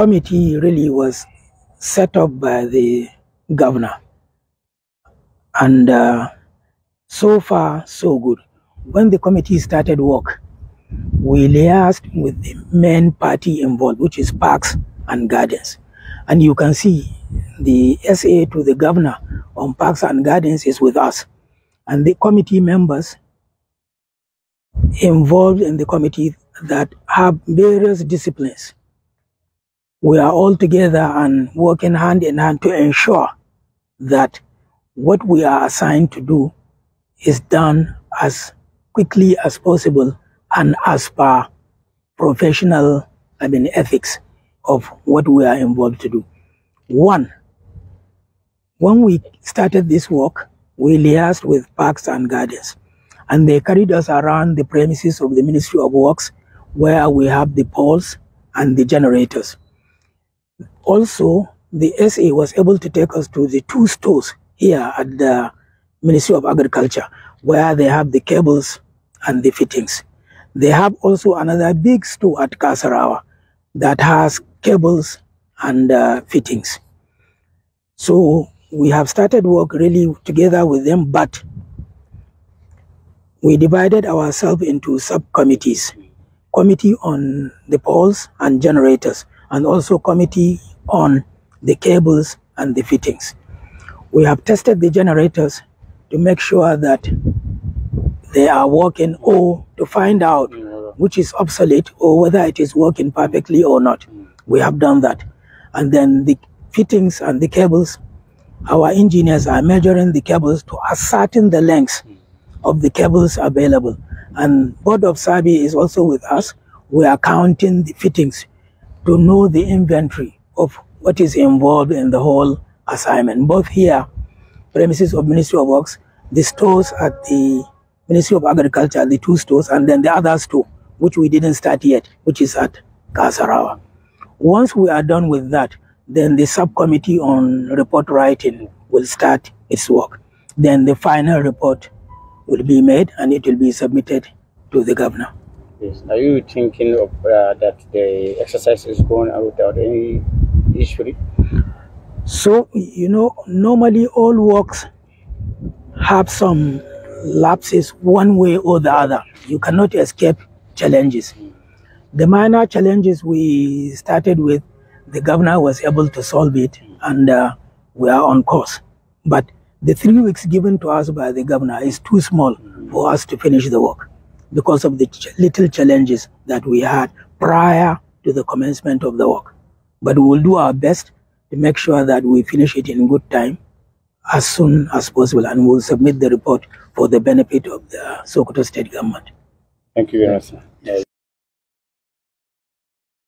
committee really was set up by the governor. And uh, so far, so good. When the committee started work, we liaised with the main party involved, which is parks and gardens. And you can see the SA to the governor on parks and gardens is with us. And the committee members involved in the committee that have various disciplines we are all together and working hand in hand to ensure that what we are assigned to do is done as quickly as possible and as per professional I mean, ethics of what we are involved to do. One, when we started this work, we liaised with parks and gardens, and they carried us around the premises of the Ministry of Works where we have the poles and the generators. Also, the SA was able to take us to the two stores here at the Ministry of Agriculture, where they have the cables and the fittings. They have also another big store at Kasarawa that has cables and uh, fittings. So we have started work really together with them, but we divided ourselves into subcommittees. Committee on the poles and generators, and also committee on the cables and the fittings. We have tested the generators to make sure that they are working or to find out which is obsolete or whether it is working perfectly or not. We have done that. And then the fittings and the cables, our engineers are measuring the cables to ascertain the lengths of the cables available. And Board of Sabi is also with us. We are counting the fittings to know the inventory of what is involved in the whole assignment, both here, premises of Ministry of Works, the stores at the Ministry of Agriculture, the two stores, and then the other store, which we didn't start yet, which is at Kasarawa. Once we are done with that, then the subcommittee on report writing will start its work. Then the final report will be made and it will be submitted to the governor. Yes. Are you thinking of uh, that the exercise is going on without any issue? So you know, normally all works have some lapses one way or the other. You cannot escape challenges. The minor challenges we started with, the governor was able to solve it and uh, we are on course. But the three weeks given to us by the governor is too small for us to finish the work because of the ch little challenges that we had prior to the commencement of the work. But we will do our best to make sure that we finish it in good time as soon as possible and we'll submit the report for the benefit of the Sokoto state government. Thank you very much,